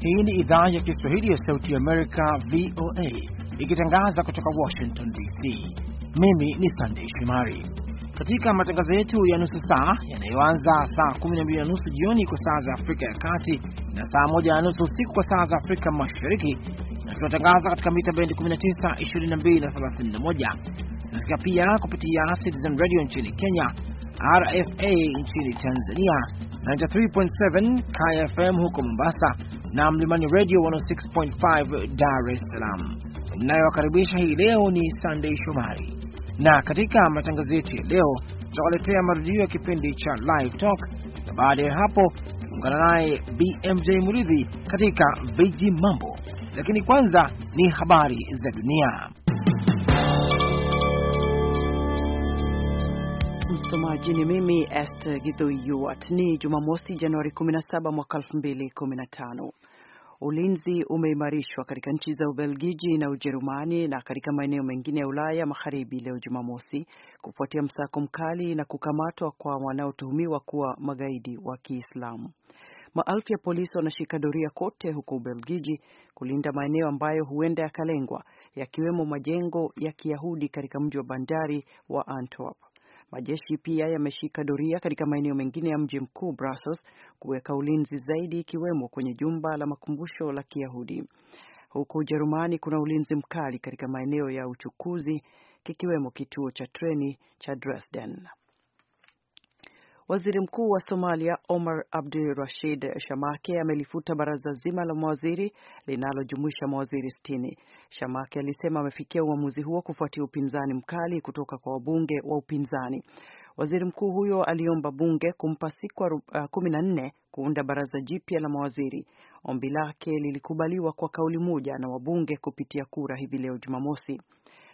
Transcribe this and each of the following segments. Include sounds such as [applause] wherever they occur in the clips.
Hii ni idhaa ya Kiswahili ya Sauti Amerika, VOA, ikitangaza kutoka Washington DC. Mimi ni Sandei Shimari. Katika matangazo yetu ya nusu saa yanayoanza saa 12 na nusu jioni kwa saa za Afrika ya Kati na saa moja na nusu usiku kwa saa za Afrika Mashariki, na tunatangaza katika mita bendi 19, 22 na 31. Tunasikika pia kupitia Citizen Radio nchini Kenya, RFA nchini Tanzania, 93.7 KFM huko Mombasa na Mlimani Radio 106.5 Dar es Salaam. Inayowakaribisha hii leo ni Sunday Shomari, na katika matangazo yetu ya leo tutawaletea marudio ya kipindi cha Live Talk na baada ya hapo Ungana naye BMJ Muridhi katika Viji Mambo, lakini kwanza ni habari za dunia. Msomaji ni mimi Esther Githui Yuat. Ni Jumamosi, Januari 17 mwaka 2015. Ulinzi umeimarishwa katika nchi za Ubelgiji na Ujerumani na katika maeneo mengine ya Ulaya Magharibi leo Jumamosi kufuatia msako mkali na kukamatwa kwa wanaotuhumiwa kuwa magaidi wa Kiislamu. Maelfu ya polisi wanashika doria kote huko Ubelgiji kulinda maeneo ambayo huenda yakalengwa, yakiwemo majengo ya Kiyahudi katika mji wa bandari wa Antwerp. Majeshi pia yameshika doria katika maeneo mengine ya mji mkuu Brussels kuweka ulinzi zaidi, ikiwemo kwenye jumba la makumbusho la Kiyahudi. Huko Ujerumani kuna ulinzi mkali katika maeneo ya uchukuzi kikiwemo kituo cha treni cha Dresden. Waziri Mkuu wa Somalia Omar abdul Rashid Shamake amelifuta baraza zima la mawaziri linalojumuisha mawaziri sitini. Shamake alisema amefikia uamuzi huo kufuatia upinzani mkali kutoka kwa wabunge wa upinzani. Waziri mkuu huyo aliomba bunge kumpa siku uh, kumi na nne kuunda baraza jipya la mawaziri. Ombi lake lilikubaliwa kwa kauli moja na wabunge kupitia kura hivi leo Jumamosi.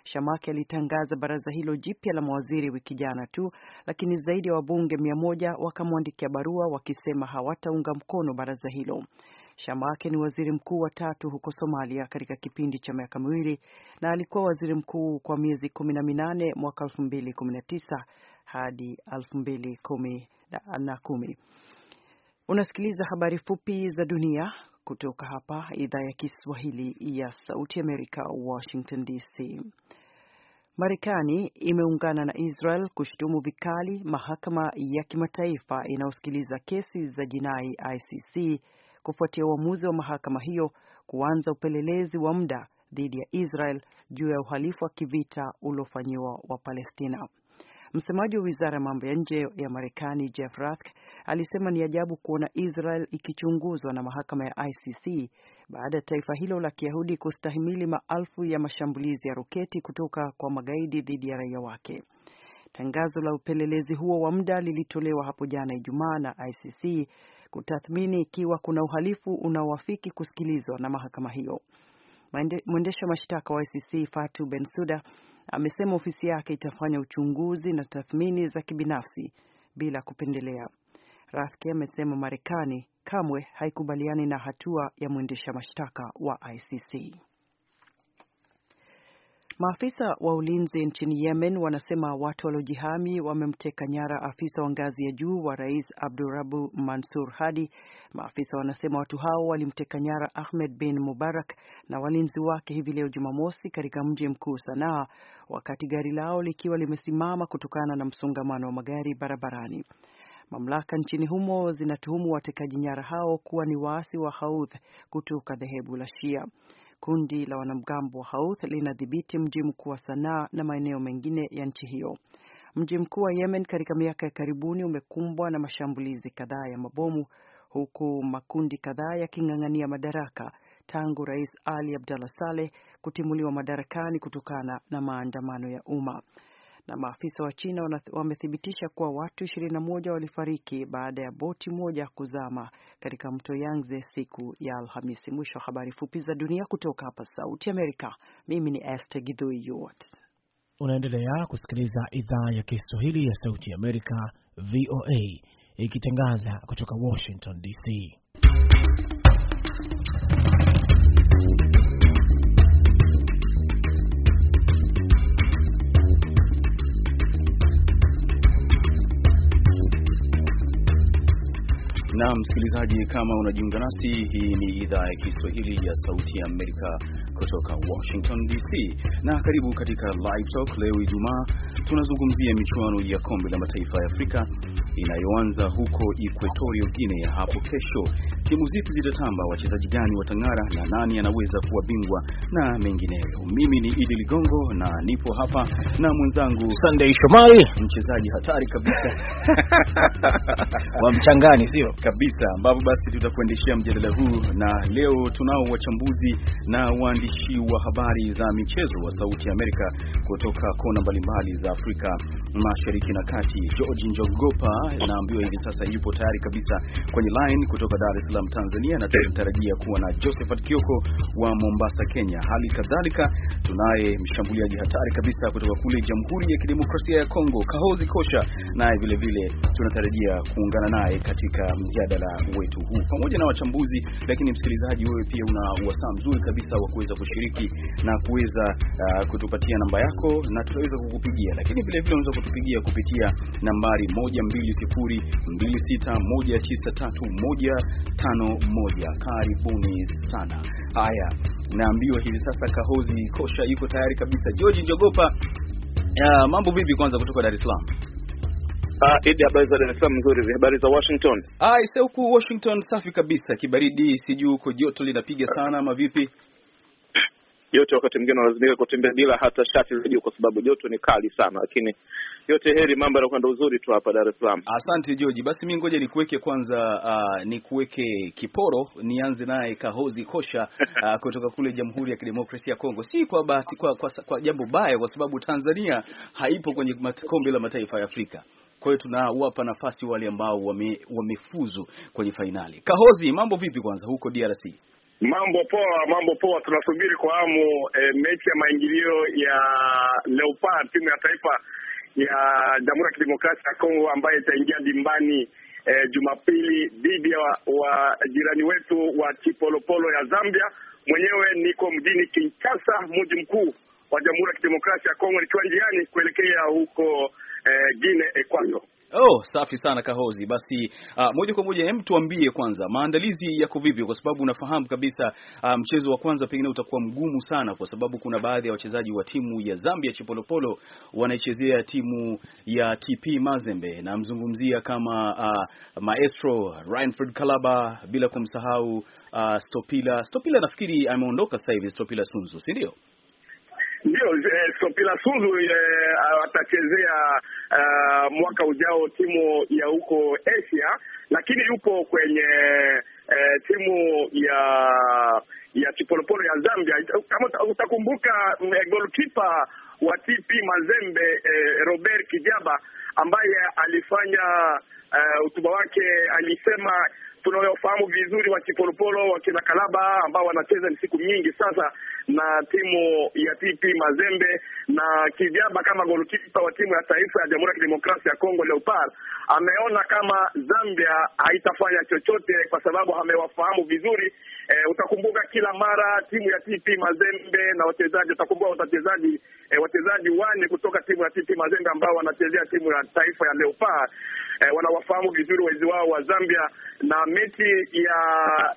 Shamake alitangaza baraza hilo jipya la mawaziri wiki jana tu, lakini zaidi ya wabunge mia moja wakamwandikia barua wakisema hawataunga mkono baraza hilo. Shamake ni waziri mkuu wa tatu huko Somalia katika kipindi cha miaka miwili na alikuwa waziri mkuu kwa miezi kumi na minane mwaka elfu mbili kumi na tisa hadi elfu mbili kumi na kumi. Unasikiliza habari fupi za dunia kutoka hapa idhaa ya Kiswahili ya Sauti Amerika, Washington DC. Marekani imeungana na Israel kushutumu vikali mahakama ya kimataifa inayosikiliza kesi za jinai ICC kufuatia uamuzi wa mahakama hiyo kuanza upelelezi wa muda dhidi ya Israel juu ya uhalifu wa kivita uliofanyiwa wa Palestina. Msemaji wa wizara ya mambo ya nje ya Marekani Jeff Rask alisema ni ajabu kuona Israel ikichunguzwa na mahakama ya ICC baada ya taifa hilo la Kiyahudi kustahimili maelfu ya mashambulizi ya roketi kutoka kwa magaidi dhidi ya raia wake. Tangazo la upelelezi huo wa muda lilitolewa hapo jana Ijumaa na ICC kutathmini ikiwa kuna uhalifu unaowafiki kusikilizwa na mahakama hiyo. Mwendesha mashtaka wa ICC Fatu Bensuda amesema ofisi yake itafanya uchunguzi na tathmini za kibinafsi bila kupendelea. Rafiki amesema Marekani kamwe haikubaliani na hatua ya mwendesha mashtaka wa ICC. Maafisa wa ulinzi nchini Yemen wanasema watu waliojihami wamemteka nyara afisa wa ngazi ya juu wa Rais Abdurabu Mansur Hadi. Maafisa wanasema watu hao walimteka nyara Ahmed bin Mubarak na walinzi wake hivi leo Jumamosi katika mji mkuu Sanaa, wakati gari lao likiwa limesimama kutokana na msongamano wa magari barabarani. Mamlaka nchini humo zinatuhumu watekaji nyara hao kuwa ni waasi wa Houth kutoka dhehebu la Shia. Kundi la wanamgambo wa Houth linadhibiti mji mkuu wa Sanaa na maeneo mengine ya nchi hiyo. Mji mkuu wa Yemen katika miaka ya karibuni umekumbwa na mashambulizi kadhaa ya mabomu huku makundi kadhaa yaking'ang'ania madaraka tangu Rais Ali Abdullah Saleh kutimuliwa madarakani kutokana na maandamano ya umma na maafisa wa China wamethibitisha kuwa watu 21 walifariki baada ya boti moja kuzama katika mto Yangtze siku ya Alhamisi. Mwisho wa habari fupi za dunia kutoka hapa Sauti Amerika. Mimi ni Esther Gidhui Yuot. Unaendelea kusikiliza idhaa ya Kiswahili ya Sauti Amerika, VOA, ikitangaza kutoka Washington DC. Na msikilizaji, kama unajiunga nasi, hii ni idhaa ya Kiswahili ya Sauti ya Amerika kutoka Washington DC, na karibu katika Live Talk. Leo Ijumaa tunazungumzia michuano ya Kombe la Mataifa ya Afrika inayoanza huko Equatorial Guinea hapo kesho. Timu zipi zitatamba, wachezaji gani watang'ara, na nani anaweza kuwa bingwa na mengineyo. Mimi ni Idi Ligongo na nipo hapa na mwenzangu Sunday Shomari, mchezaji hatari kabisa [laughs] wa mchangani, sio kabisa, ambapo basi tutakuendeshea mjadala huu, na leo tunao wachambuzi na waandishi wa habari za michezo wa Sauti ya Amerika kutoka kona mbalimbali za Afrika Mashariki na Kati. George Njogopa naambiwa hivi sasa yupo tayari kabisa kwenye line kutoka Dar es Salaam Tanzania, na tunatarajia kuwa na Josephat Kioko wa Mombasa, Kenya. Hali kadhalika tunaye mshambuliaji hatari kabisa kutoka kule Jamhuri ya Kidemokrasia ya Kongo, Kahozi Kosha, naye vile vile tunatarajia kuungana naye katika mjadala wetu huu pamoja na wachambuzi. Lakini msikilizaji, wewe pia una wasaa mzuri kabisa wa kuweza kushiriki na kuweza uh, kutupatia namba yako na tutaweza kukupigia, lakini vile vile unaweza kutupigia kupitia nambari moja mbili 261931551. Karibuni sana. Haya, naambiwa hivi sasa Kahozi Kosha yuko tayari kabisa. George Njogopa, uh, mambo vipi kwanza kutoka Dar es Salaam? Uh, Idi, habari za Dar es Salaam? Nzuri. Habari za Washington? Ah, sasa huku Washington safi kabisa, kibaridi, sijui huko joto linapiga sana ama vipi? Joto wakati mwingine unalazimika kutembea bila hata shati za juu kwa sababu joto ni kali sana, lakini yote heri, mambo yanakuwa ndo uzuri tu hapa Dar es Salaam. Asante George. basi mi ngoja nikuweke kwanza, uh, nikuweke kiporo, nianze naye Kahozi Kosha uh, [laughs] kutoka kule Jamhuri ya Kidemokrasia ya Kongo. Si kwa bahati, kwa, kwa, kwa jambo baya, kwa sababu Tanzania haipo kwenye kombe la mataifa ya Afrika kwa hiyo tunawapa nafasi wale ambao wame, wamefuzu kwenye fainali. Kahozi, mambo vipi kwanza huko DRC? Mambo poa, mambo poa, tunasubiri kwa hamu e, mechi ya maingilio ya Leopard timu ya taifa ya Jamhuri ya Kidemokrasia ya Kongo ambaye itaingia dimbani eh, Jumapili dhidi ya wa, wa jirani wetu wa Chipolopolo ya Zambia. Mwenyewe niko mjini Kinshasa, mji mkuu wa Jamhuri ya Kidemokrasia ya Kongo, nikiwa njiani kuelekea huko eh, Guinea Equatorial. Oh, safi sana Kahozi. Basi uh, moja kwa moja, hem, tuambie kwanza maandalizi yako vipi, kwa sababu unafahamu kabisa uh, mchezo wa kwanza pengine utakuwa mgumu sana, kwa sababu kuna baadhi ya wachezaji wa timu ya Zambia Chipolopolo wanaichezea timu ya TP Mazembe, na mzungumzia kama uh, maestro Reinfred Kalaba, bila kumsahau uh, Stopila. Stopila nafikiri ameondoka sasa hivi, Stopila Sunzu, si ndio? Ndio Sopila Sulu eh, atachezea eh, mwaka ujao timu ya huko Asia, lakini yupo kwenye eh, timu ya ya Chipolopolo ya Zambia. Kama utakumbuka eh, golkipa wa TP Mazembe eh, Robert Kijaba ambaye alifanya hotuba uh, wake alisema tunayofahamu vizuri wa Chipolopolo wakina Kalaba ambao wanacheza ni siku nyingi sasa na timu ya TP Mazembe na Kijaba kama golkipa wa timu ya taifa ya Jamhuri ya Kidemokrasia ya Kongo Leopard ameona kama Zambia haitafanya chochote kwa sababu amewafahamu vizuri. E, utakumbuka kila mara timu ya TP Mazembe na wachezaji utakumbuka wachezaji e, wachezaji wane kutoka timu ya TP Mazembe ambao wanachezea timu ya taifa ya Leopard e, wanawafahamu vizuri wezi wao wa Zambia, na mechi ya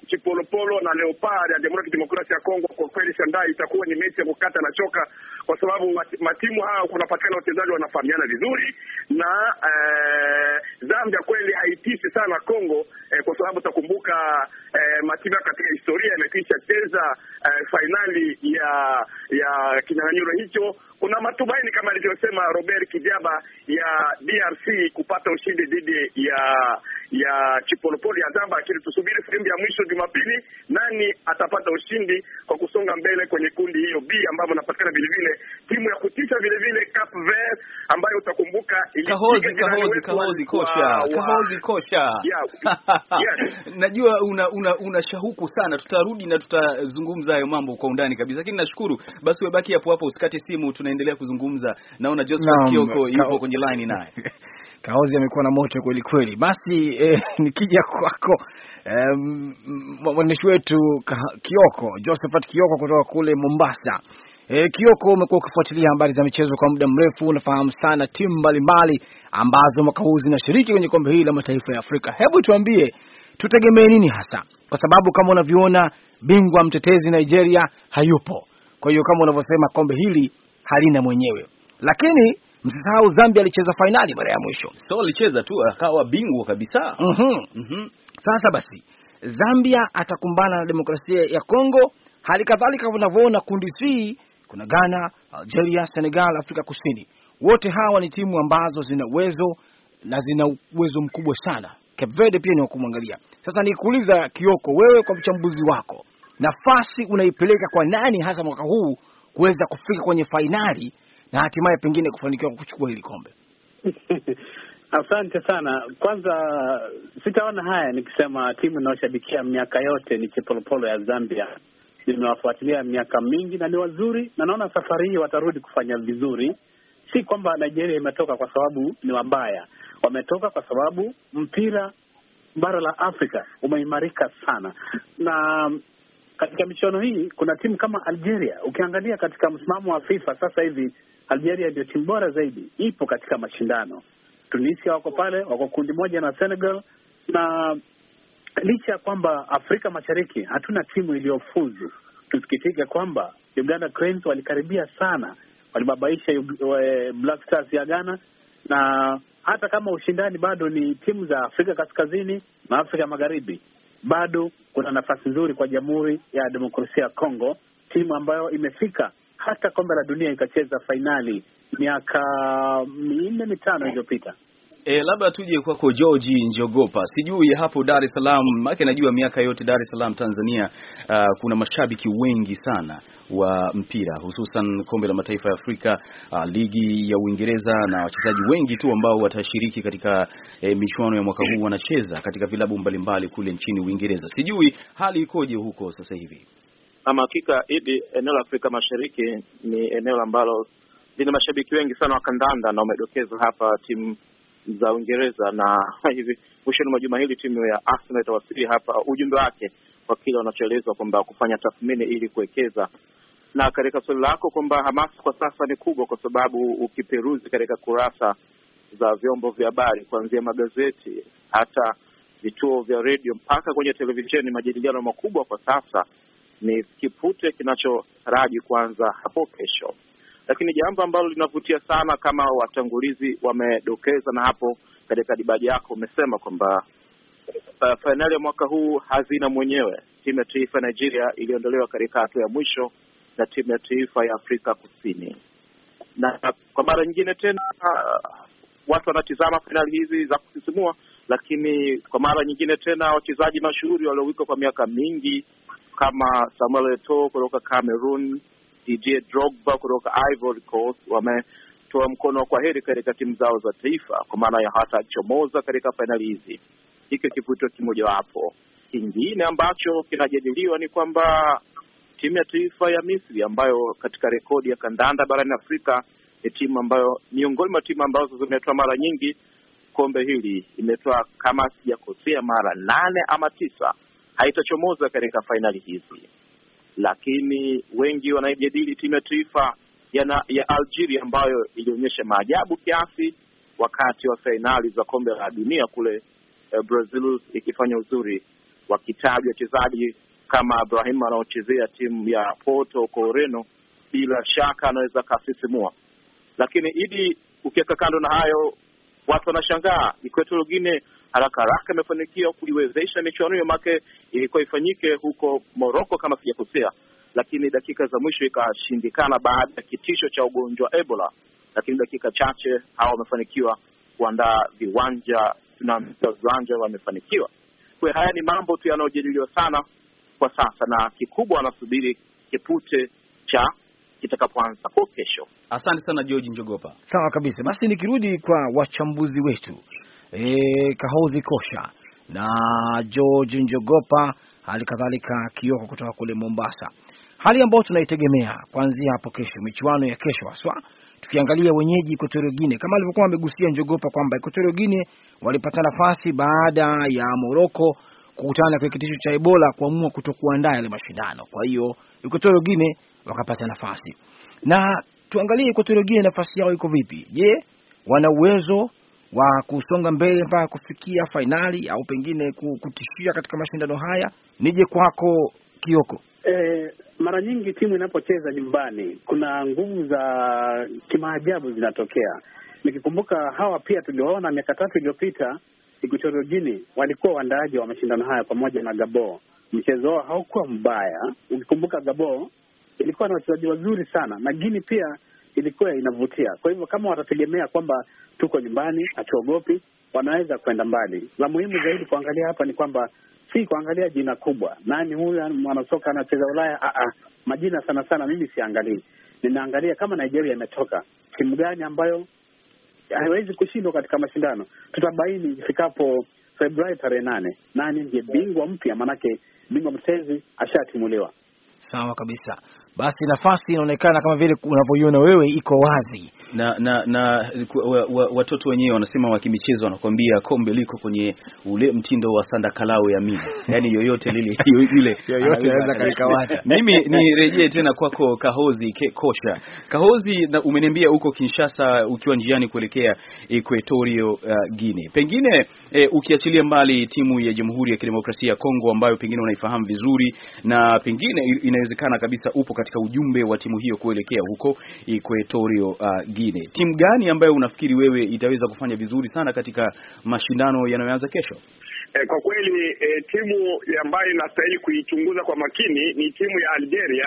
Chipolopolo na Leopard ya Jamhuri ya Kidemokrasia ya Kongo kwa kweli shanda kadhaa itakuwa ni mechi ya kukata na choka, kwa sababu matimu haya kunapatikana wachezaji wanafahamiana vizuri, na eh, Zambia kweli haitishi sana Kongo eh, kwa sababu utakumbuka eh, Matiba katika historia imekwisha cheza eh, fainali ya ya kinyang'anyiro hicho. Kuna matumaini kama alivyosema Robert Kijaba ya DRC kupata ushindi dhidi ya ya Chipolopolo ya Zambia, lakini tusubiri filimbi ya mwisho Jumapili, nani atapata ushindi kwa kusonga mbele kwenye kundi hiyo B, ambapo napatikana vile vile timu ya kutisha vile vile Cap Vert ambayo utakumbuka kahozi kahozi kahozi kosha kahozi kosha, [laughs] najua una una, una shauku sana. Tutarudi na tutazungumza hayo mambo kwa undani kabisa, lakini nashukuru basi, webaki hapo hapo, usikate simu, tunaendelea kuzungumza. Naona Joseph Kioko yupo kwenye line naye [laughs] Kaozi amekuwa na moto kweli kweli. Basi eh, [laughs] nikija kwako eh, wetu Kioko, Josephat Kioko kutoka kule Mombasa. Eh, Kioko, umekuwa ukifuatilia habari za michezo kwa muda mrefu, unafahamu sana timu mbalimbali ambazo mwaka huu zinashiriki kwenye kombe hili la mataifa ya Afrika. Hebu tuambie tutegemee nini hasa? Kwa sababu kama unavyoona bingwa mtetezi Nigeria hayupo, kwa hiyo kama unavyosema kombe hili halina mwenyewe, lakini msisahau Zambia alicheza fainali mara ya mwisho, so alicheza tu akawa bingwa kabisa. mm -hmm. Mm -hmm. Sasa basi Zambia atakumbana na demokrasia ya Kongo, hali kadhalika unavyoona kundi C kuna Ghana, Algeria, Senegal, Afrika Kusini. Wote hawa ni timu ambazo zina uwezo na zina uwezo mkubwa sana Cape Verde pia ni wakumwangalia. Sasa nikuuliza Kioko, wewe kwa mchambuzi wako, nafasi unaipeleka kwa nani hasa mwaka huu kuweza kufika kwenye fainali na hatimaye pengine kufanikiwa kuchukua hili kombe? [laughs] Asante sana. Kwanza sitaona haya nikisema timu inayoshabikia miaka yote ni Chipolopolo ya Zambia. Nimewafuatilia miaka mingi na ni wazuri, na naona safari hii watarudi kufanya vizuri. Si kwamba Nigeria imetoka kwa sababu ni wabaya, Wametoka kwa sababu mpira bara la Afrika umeimarika sana, na um, katika michuano hii kuna timu kama Algeria. Ukiangalia katika msimamo wa FIFA sasa hivi, Algeria ndio timu bora zaidi, ipo katika mashindano. Tunisia wako pale, wako kundi moja na Senegal, na licha ya kwamba Afrika Mashariki hatuna timu iliyofuzu, tusikitike kwamba Uganda Cranes walikaribia sana, walibabaisha eh, Black Stars ya Ghana na hata kama ushindani bado ni timu za Afrika Kaskazini na Afrika Magharibi, bado kuna nafasi nzuri kwa Jamhuri ya Demokrasia ya Kongo, timu ambayo imefika hata kombe la dunia ikacheza fainali miaka minne mitano iliyopita. E, labda tuje kwako George Njogopa, sijui hapo Dar es Salaam, maana najua miaka yote Dar es Salaam Tanzania, uh, kuna mashabiki wengi sana wa mpira hususan kombe la mataifa ya Afrika, uh, ligi ya Uingereza na wachezaji wengi tu ambao watashiriki katika eh, michuano ya mwaka huu wanacheza katika vilabu mbalimbali kule nchini Uingereza. Sijui hali ikoje huko sasa hivi? Ama hakika idi, eneo la Afrika Mashariki ni eneo ambalo lina mashabiki wengi sana wa kandanda, na umedokeza hapa timu za Uingereza, na [laughs] hivi mwishoni mwa juma hili timu ya Arsenal itawasili hapa, uh, ujumbe wake kwa kile wanachoelezwa kwamba kufanya tathmini ili kuwekeza. Na katika swali lako kwamba hamasa kwa sasa ni kubwa, kwa sababu ukiperuzi katika kurasa za vyombo vya habari kuanzia magazeti hata vituo vya redio mpaka kwenye televisheni, majadiliano makubwa kwa sasa ni kipute kinachoraji kuanza hapo kesho lakini jambo ambalo linavutia sana kama watangulizi wamedokeza na hapo katika dibaji yako umesema kwamba uh, eh, fainali ya mwaka huu hazina mwenyewe. Timu ya taifa ya Nigeria iliondolewa katika hatua ya mwisho na timu ya taifa ya Afrika Kusini, na kwa mara nyingine tena uh, watu wanatizama fainali hizi za kusisimua, lakini kwa mara nyingine tena wachezaji mashuhuri waliowikwa kwa miaka mingi kama Samuel eto kutoka Cameroon Didier Drogba kutoka Ivory Coast wametoa mkono wa kwaheri katika timu zao za taifa kwa maana ya hatachomoza katika fainali hizi. Hiki kivutio kimojawapo. Kingine ambacho kinajadiliwa ni kwamba timu ya taifa ya Misri ambayo katika rekodi ya kandanda barani Afrika ni timu ambayo miongoni mwa timu ambazo zimetoa mara nyingi kombe hili, imetoa kama sijakosea mara nane ama tisa, haitachomoza katika fainali hizi lakini wengi wanaijadili timu ya taifa ya, ya Algeria ambayo ilionyesha maajabu kiasi wakati wa fainali za kombe la dunia kule eh, Brazil ikifanya uzuri, wakitajwa wachezaji kama Ibrahim anaochezea timu ya Porto huko Ureno, bila shaka anaweza akasisimua. Lakini Idi, ukiweka kando na hayo, watu wanashangaa Equatorial Guinea haraka haraka imefanikiwa kuiwezesha michuano hiyo, make ilikuwa ifanyike huko Moroko kama sijakosea, lakini dakika za mwisho ikashindikana baada ya kitisho cha ugonjwa Ebola. Lakini dakika chache hawa wamefanikiwa kuandaa viwanja na viwanja wamefanikiwa. Kwa haya ni mambo tu yanayojadiliwa sana kwa sasa, na kikubwa wanasubiri kipute cha kitakapoanza kwa kesho. Asante sana George Njogopa. Sawa kabisa. Basi nikirudi kwa wachambuzi wetu e, Kahozi Kosha na George Njogopa, hali kadhalika Kioko kutoka kule Mombasa, hali ambayo tunaitegemea kuanzia hapo kesho, michuano ya kesho haswa tukiangalia wenyeji Equatorial Guinea kama alivyokuwa amegusia Njogopa kwamba Equatorial Guinea walipata nafasi baada ya Moroko kukutana kwa kitisho cha Ebola kuamua kutokuandaa yale mashindano. Kwa hiyo Equatorial Guinea wakapata nafasi, na tuangalie Equatorial Guinea nafasi yao iko vipi? Je, wana uwezo wa kusonga mbele mpaka kufikia fainali au pengine kutishia katika mashindano haya? Nije kwako Kioko. E, mara nyingi timu inapocheza nyumbani kuna nguvu za kimaajabu zinatokea. Nikikumbuka hawa pia tuliwaona miaka tatu iliyopita Ikutorojini, walikuwa waandaaji wa mashindano haya pamoja na Gabo. Mchezo wao haukuwa mbaya, ukikumbuka Gabo ilikuwa na wachezaji wazuri sana na Gini pia ilikuwa inavutia. Kwa hivyo kama watategemea kwamba tuko nyumbani, hatuogopi, wanaweza kwenda mbali. La muhimu zaidi kuangalia hapa ni kwamba si kuangalia jina kubwa, nani huyu mwanasoka anacheza Ulaya. A ah, -a. Ah. majina sana sana mimi siangalii, ninaangalia kama Nigeria imetoka timu gani ambayo haiwezi kushindwa katika mashindano. Tutabaini ifikapo Februari tarehe nane nani ndiye bingwa mpya, maanake bingwa mtetezi ashatimuliwa. Sawa kabisa basi nafasi inaonekana kama vile unavyoiona wewe iko wazi na na, na wa, watoto wenyewe wanasema kimichezo, wanakwambia kombe liko kwenye ule mtindo wa kalao ya mimi, [laughs] yani yoyote lile yule yoyote anaweza kaikawata. [laughs] Mimi nirejee tena kwako Kahozi ke, Kosha Kahozi, na umeniambia huko Kinshasa ukiwa njiani kuelekea Equatorio uh, Guinea. Pengine eh, ukiachilia mbali timu ya Jamhuri ya Kidemokrasia ya Kongo ambayo pengine unaifahamu vizuri na pengine inawezekana kabisa upo katika ujumbe wa timu hiyo kuelekea huko Equatorio uh, nyingine, timu gani ambayo unafikiri wewe itaweza kufanya vizuri sana katika mashindano yanayoanza kesho? E, kwa kweli e, timu ambayo inastahili kuichunguza kwa makini ni timu ya Algeria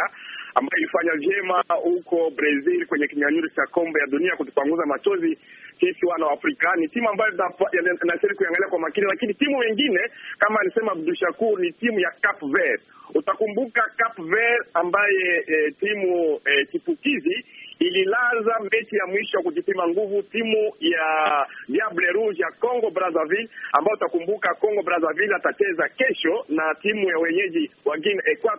ambayo ilifanya vyema huko Brazil kwenye kinyang'anyiro cha kombe ya dunia kutupanguza machozi sisi wana wa Afrika. Ni timu ambayo inastahili kuiangalia kwa makini, lakini timu wengine kama alisema Abdul Shakur ni timu ya Cape Verde. Utakumbuka Cape Verde ambaye e, timu e, chipukizi ililaza mechi ya mwisho ya kujipima nguvu timu ya Diable Rouge ya Congo Brazzaville, ambayo utakumbuka Congo Brazzaville atacheza kesho na timu ya wenyeji wa Guinea Equatorial.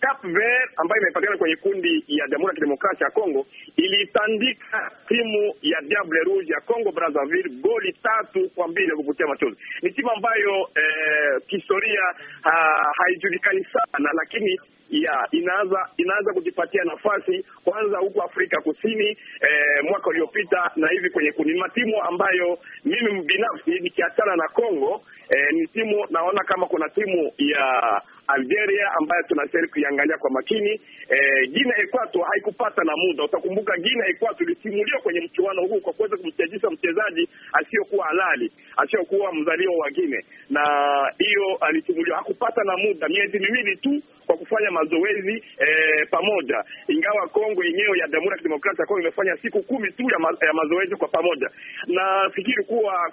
Cap Vert ambayo imepatikana kwenye kundi ya Jamhuri ya Kidemokrasia ya Congo ilitandika timu ya Diable Rouge ya Congo Brazzaville goli tatu kwa mbili kuvutia machozi. Ni timu ambayo eh, kihistoria ha, haijulikani sana lakini ya inaanza inaanza kujipatia nafasi kwanza huko Afrika Kusini eh, mwaka uliopita na hivi kwenye kundi timu ambayo mimi binafsi nikiachana na Kongo eh, ni timu naona kama kuna timu ya Algeria ambayo tunastahili kuiangalia kwa makini. E, Guinea Equatorial haikupata na muda. Utakumbuka Guinea Equatorial ilisimuliwa kwenye mchuano huu kwa kuweza kumchajisha mchezaji asiyokuwa halali, asiyokuwa mzaliwa wa Guinea, na hiyo alisimuliwa, hakupata na muda, miezi miwili tu kwa kufanya mazoezi e, pamoja, ingawa Kongo yenyewe ya Jamhuri ya Kidemokrasia ya Kongo imefanya siku kumi tu ya, ma, ya mazoezi kwa pamoja. Nafikiri kuwa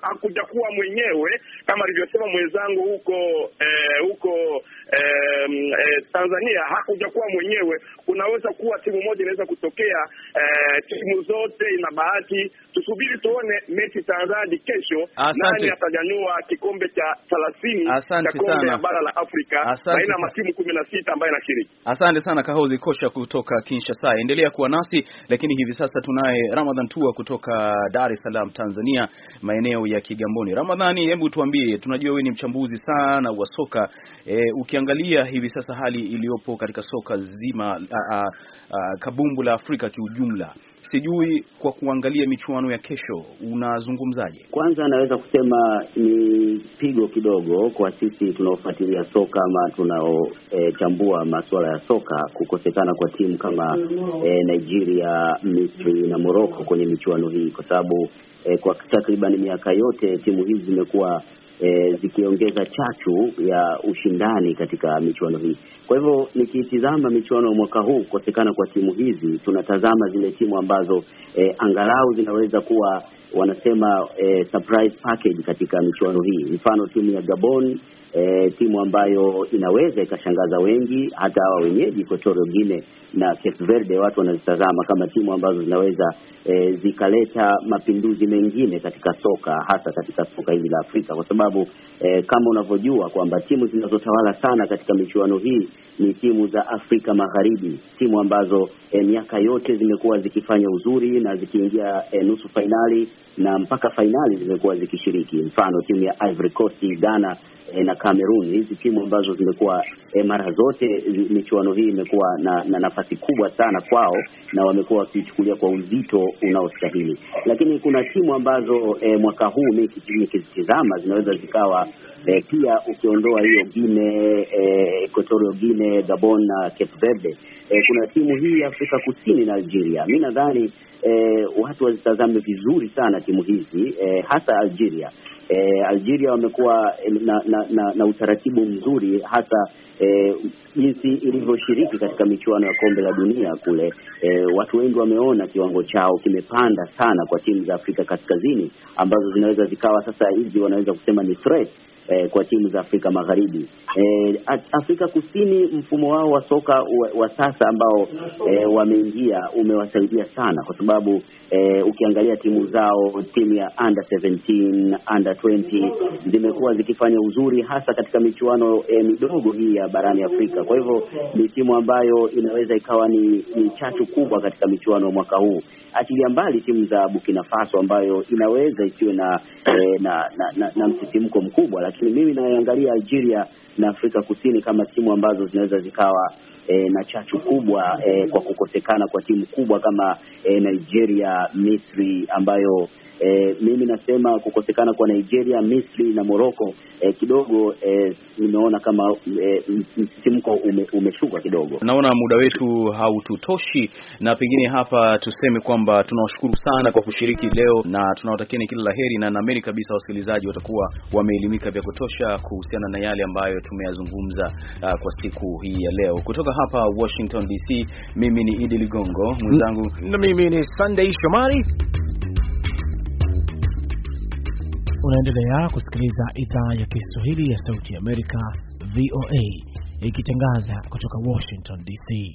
hakuja kuwa mwenyewe kama alivyosema mwenzangu huko e, huko oo eh, eh, Tanzania hakujakuwa mwenyewe. Kunaweza kuwa timu moja inaweza kutokea eh, timu zote ina bahati. Tusubiri tuone mechi Tanzania kesho, nani atanyanyua kikombe cha thelathini cha kombe ya bara la Afrika baina ya matimu kumi na sita ambayo inashiriki. Asante sana Kahozi Kosha kutoka Kinshasa, endelea kuwa nasi lakini hivi sasa tunaye Ramadhan Tua kutoka Dar es Salaam Tanzania, maeneo ya Kigamboni. Ramadhani, hebu tuambie, tunajua wewe ni mchambuzi sana wa soka e, uki ukiangalia hivi sasa hali iliyopo katika soka zima a, a, a, kabumbu la Afrika kiujumla, sijui kwa kuangalia michuano ya kesho unazungumzaje? Kwanza naweza kusema ni pigo kidogo kwa sisi tunaofuatilia soka ama tunaochambua e, masuala ya soka, kukosekana kwa timu kama e, Nigeria, Misri na Morocco kwenye michuano hii, kwa sababu e, kwa takriban miaka yote timu hizi zimekuwa e, zikiongeza chachu ya ushindani katika michuano hii. Kwa hivyo nikitizama michuano mwaka huu, kukosekana kwa timu hizi, tunatazama zile timu ambazo e, angalau zinaweza kuwa wanasema e, surprise package katika michuano hii, mfano timu ya Gabon e, timu ambayo inaweza ikashangaza wengi, hata hawa wenyeji Equatorial Guinea na Cape Verde watu wanazitazama kama timu ambazo zinaweza e, zikaleta mapinduzi mengine katika soka, hasa katika soka hili la Afrika, kwa sababu e, kama unavyojua kwamba timu zinazotawala sana katika michuano hii ni timu za Afrika Magharibi, timu ambazo e, miaka yote zimekuwa zikifanya uzuri na zikiingia e, nusu fainali na mpaka fainali zimekuwa zikishiriki, mfano timu ya Ivory Coast, Ghana e, na Kameruni. Hizi timu ambazo zimekuwa eh, mara zote michuano hii imekuwa na, na nafasi kubwa sana kwao na wamekuwa wakiichukulia kwa uzito unaostahili, lakini kuna timu ambazo eh, mwaka huu mi nikizitizama zinaweza zikawa eh, pia ukiondoa hiyo Guine, eh, Equatorial Guine, Gabon na Cape Verde eh, kuna timu hii ya Afrika Kusini na Algeria. Mi nadhani eh, watu wazitazame vizuri sana timu hizi eh, hasa Algeria E, Algeria wamekuwa eh, na, na, na, na utaratibu mzuri hasa e, eh, jinsi ilivyoshiriki katika michuano ya kombe la dunia kule. E, watu wengi wameona kiwango chao kimepanda sana kwa timu za Afrika Kaskazini ambazo zinaweza zikawa sasa hivi wanaweza kusema ni threat eh, kwa timu za Afrika Magharibi. Eh, Afrika Kusini, mfumo wao wa soka wa, wa sasa ambao eh, wameingia umewasaidia sana kwa sababu eh, ukiangalia timu zao, timu ya under 17, under 20 zimekuwa zikifanya uzuri hasa katika michuano eh, midogo hii ya barani Afrika. Kwa hivyo ni timu ambayo inaweza ikawa ni, ni chachu kubwa katika michuano ya mwaka huu, achilia mbali timu za Burkina Faso ambayo inaweza isiwe na, eh, na, na, na, na msisimko mkubwa lakini rasmi. Mimi naiangalia Algeria na Afrika Kusini kama timu ambazo zinaweza zikawa E, na chachu kubwa e, kwa kukosekana kwa timu kubwa kama e, Nigeria, Misri ambayo e, mimi nasema kukosekana kwa Nigeria, Misri na Morocco e, kidogo e, nimeona kama e, msisimko ume, umeshuka kidogo. Naona muda wetu haututoshi, na pengine hapa tuseme kwamba tunawashukuru sana kwa kushiriki leo na tunawatakieni kila laheri, na naamini kabisa wasikilizaji watakuwa wameelimika vya kutosha kuhusiana na yale ambayo tumeyazungumza uh, kwa siku hii ya leo. Kutoka hapa Washington DC, mimi ni Idi Ligongo, mwenzangu na mimi ni Sunday Shomari. Unaendelea kusikiliza idhaa ya Kiswahili ya Sauti ya Amerika, VOA, ikitangaza kutoka Washington DC.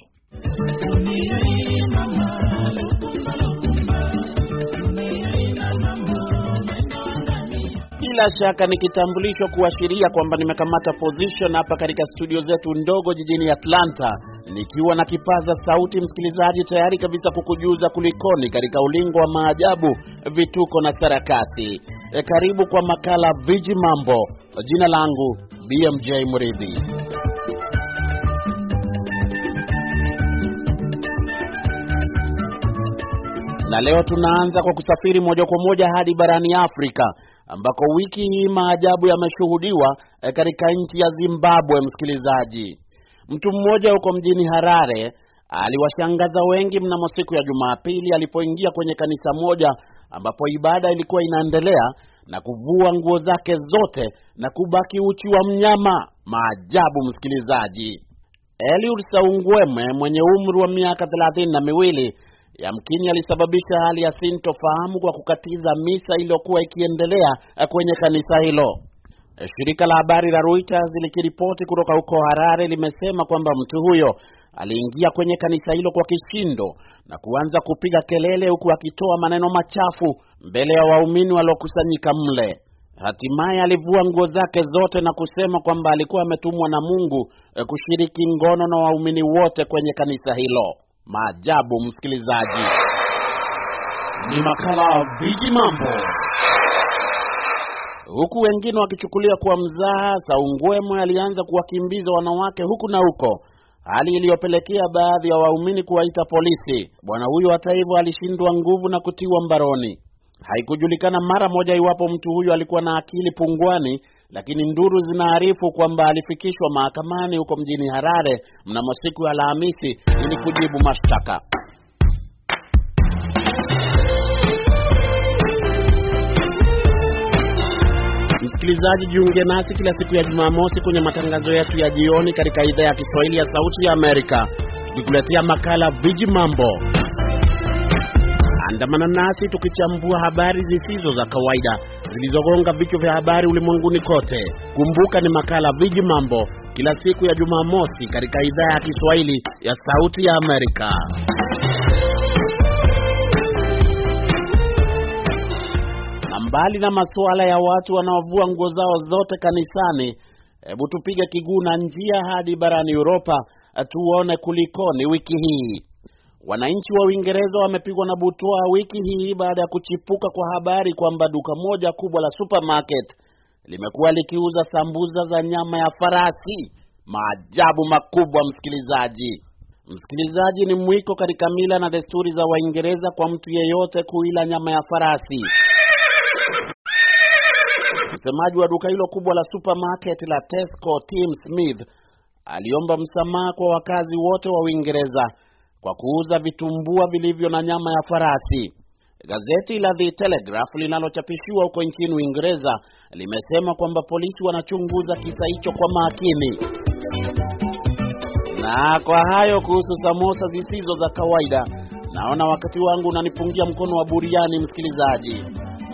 bila shaka ni kitambulisho kuashiria kwamba nimekamata position hapa katika studio zetu ndogo jijini Atlanta, nikiwa na kipaza sauti msikilizaji, tayari kabisa kukujuza kulikoni katika ulingo wa maajabu, vituko na sarakasi. E, karibu kwa makala Viji Mambo. Jina langu BMJ Muridhi. Na leo tunaanza kwa kusafiri moja kwa moja hadi barani Afrika ambako wiki hii maajabu yameshuhudiwa eh, katika nchi ya Zimbabwe. Msikilizaji, mtu mmoja huko mjini Harare aliwashangaza wengi mnamo siku ya Jumapili alipoingia kwenye kanisa moja ambapo ibada ilikuwa inaendelea na kuvua nguo zake zote na kubaki uchi wa mnyama. Maajabu msikilizaji. Eliud Saungweme mwenye umri wa miaka thelathini na miwili yamkini alisababisha hali ya sintofahamu kwa kukatiza misa iliyokuwa ikiendelea kwenye kanisa hilo. E, shirika la habari la Reuters likiripoti kutoka huko Harare limesema kwamba mtu huyo aliingia kwenye kanisa hilo kwa kishindo na kuanza kupiga kelele huku akitoa maneno machafu mbele ya waumini waliokusanyika mle. Hatimaye alivua nguo zake zote na kusema kwamba alikuwa ametumwa na Mungu e, kushiriki ngono na waumini wote kwenye kanisa hilo. Maajabu, msikilizaji, ni makala Viji Mambo, huku wengine wakichukulia kuwa mzaha. Saungwemwe alianza kuwakimbiza wanawake huku na huko, hali iliyopelekea baadhi ya waumini kuwaita polisi. Bwana huyo hata hivyo alishindwa nguvu na kutiwa mbaroni. Haikujulikana mara moja iwapo mtu huyo alikuwa na akili pungwani lakini nduru zinaarifu kwamba alifikishwa mahakamani huko mjini Harare mnamo siku ya Alhamisi ili kujibu mashtaka. Msikilizaji, jiunge nasi kila siku ya Jumamosi kwenye matangazo yetu ya jioni katika idhaa ya Kiswahili ya Sauti ya Amerika, tukikuletea makala Viji Mambo. Andamana nasi tukichambua habari zisizo za kawaida zilizogonga vichwa vya habari ulimwenguni kote. Kumbuka ni makala Viji Mambo kila siku ya Jumamosi katika idhaa ya Kiswahili ya Sauti ya Amerika. Na mbali na masuala ya watu wanaovua nguo zao zote kanisani, hebu tupige kiguu na njia hadi barani Uropa tuone kulikoni wiki hii. Wananchi wa Uingereza wamepigwa na butwa wiki hii baada ya kuchipuka kwa habari kwamba duka moja kubwa la supermarket limekuwa likiuza sambuza za nyama ya farasi. Maajabu makubwa, msikilizaji. Msikilizaji, ni mwiko katika mila na desturi za Waingereza kwa mtu yeyote kuila nyama ya farasi. Msemaji wa duka hilo kubwa la supermarket la Tesco, Tim Smith, aliomba msamaha kwa wakazi wote wa Uingereza kwa kuuza vitumbua vilivyo na nyama ya farasi. Gazeti la The Telegraph linalochapishiwa huko nchini Uingereza limesema kwamba polisi wanachunguza kisa hicho kwa makini. Na kwa hayo kuhusu samosa zisizo za kawaida, naona wakati wangu unanipungia mkono wa buriani, msikilizaji.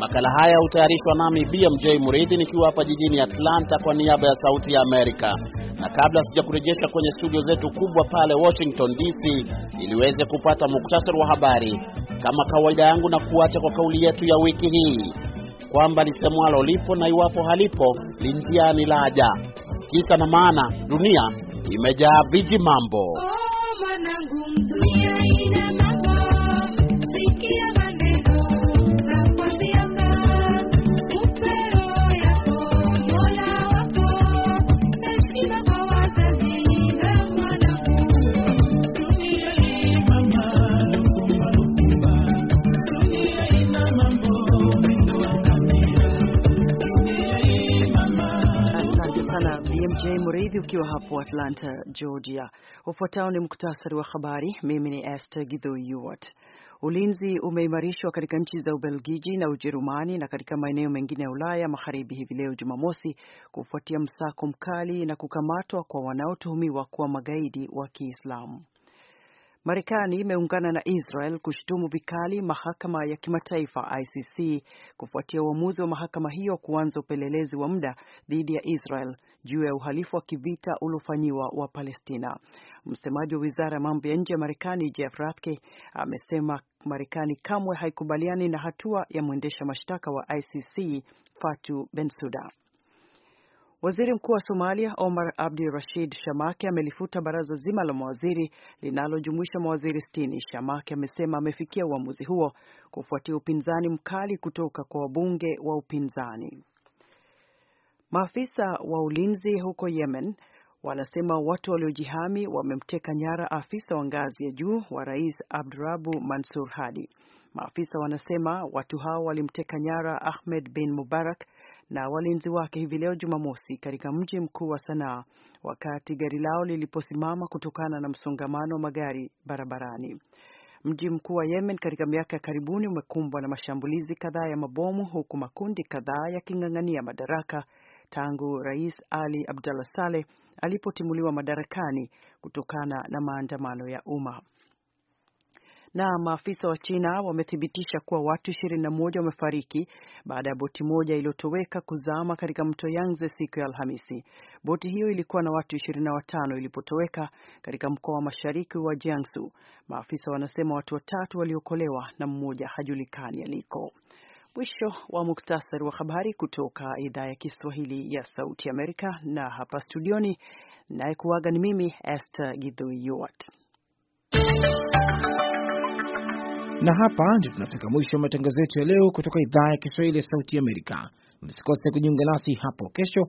Makala haya hutayarishwa nami BMJ Muridhi nikiwa hapa jijini Atlanta kwa niaba ya Sauti ya Amerika na kabla kurejesha kwenye studio zetu kubwa pale Washington DC iliweze kupata muktasari wa habari kama kawaida yangu, na kuacha kwa kauli yetu ya wiki hii kwamba lisemwalo lipo na iwapo halipo linjiani laja. Kisa na maana, dunia imejaa viji mambo. Oh, Ukiwa hapo Atlanta, Georgia. Ufuatao ni muktasari wa habari. Mimi ni Esther Githui Ulinzi umeimarishwa katika nchi za Ubelgiji na Ujerumani na katika maeneo mengine ya Ulaya Magharibi hivi leo Jumamosi, kufuatia msako mkali na kukamatwa kwa wanaotuhumiwa kuwa magaidi wa Kiislamu. Marekani imeungana na Israel kushutumu vikali mahakama ya kimataifa ICC kufuatia uamuzi wa mahakama hiyo kuanza upelelezi wa muda dhidi ya Israel juu ya uhalifu wa kivita uliofanyiwa wa Palestina. Msemaji wa wizara ya mambo ya nje ya Marekani Jeff Ratke amesema Marekani kamwe haikubaliani na hatua ya mwendesha mashtaka wa ICC Fatu Bensuda. Waziri mkuu wa Somalia Omar Abdi Rashid Shamake amelifuta baraza zima la mawaziri linalojumuisha mawaziri sitini. Shamake amesema amefikia uamuzi huo kufuatia upinzani mkali kutoka kwa wabunge wa upinzani. Maafisa wa ulinzi huko Yemen wanasema watu waliojihami wamemteka nyara afisa wa ngazi ya juu wa rais Abdurabu Mansur Hadi. Maafisa wanasema watu hao walimteka nyara Ahmed bin Mubarak na walinzi wake hivi leo Jumamosi katika mji mkuu wa Sanaa wakati gari lao liliposimama kutokana na msongamano wa magari barabarani. Mji mkuu wa Yemen katika miaka ya karibuni umekumbwa na mashambulizi kadhaa ya mabomu huku makundi kadhaa yaking'ang'ania madaraka tangu Rais Ali Abdallah Saleh alipotimuliwa madarakani kutokana na maandamano ya umma. Na maafisa wa China wamethibitisha kuwa watu 21 wamefariki baada ya boti moja iliyotoweka kuzama katika mto Yangtze siku ya Alhamisi. Boti hiyo ilikuwa na watu 25 ilipotoweka katika mkoa wa mashariki wa Jiangsu. Maafisa wanasema watu watatu waliokolewa na mmoja hajulikani aliko. Mwisho wa muktasari wa habari kutoka idhaa ya Kiswahili ya Sauti Amerika, na hapa studioni nayekuaga kuaga ni mimi Esther Githui Na hapa ndio tunafika mwisho wa matangazo yetu ya leo kutoka idhaa ya Kiswahili ya Sauti Amerika. Msikose kujiunga nasi hapo kesho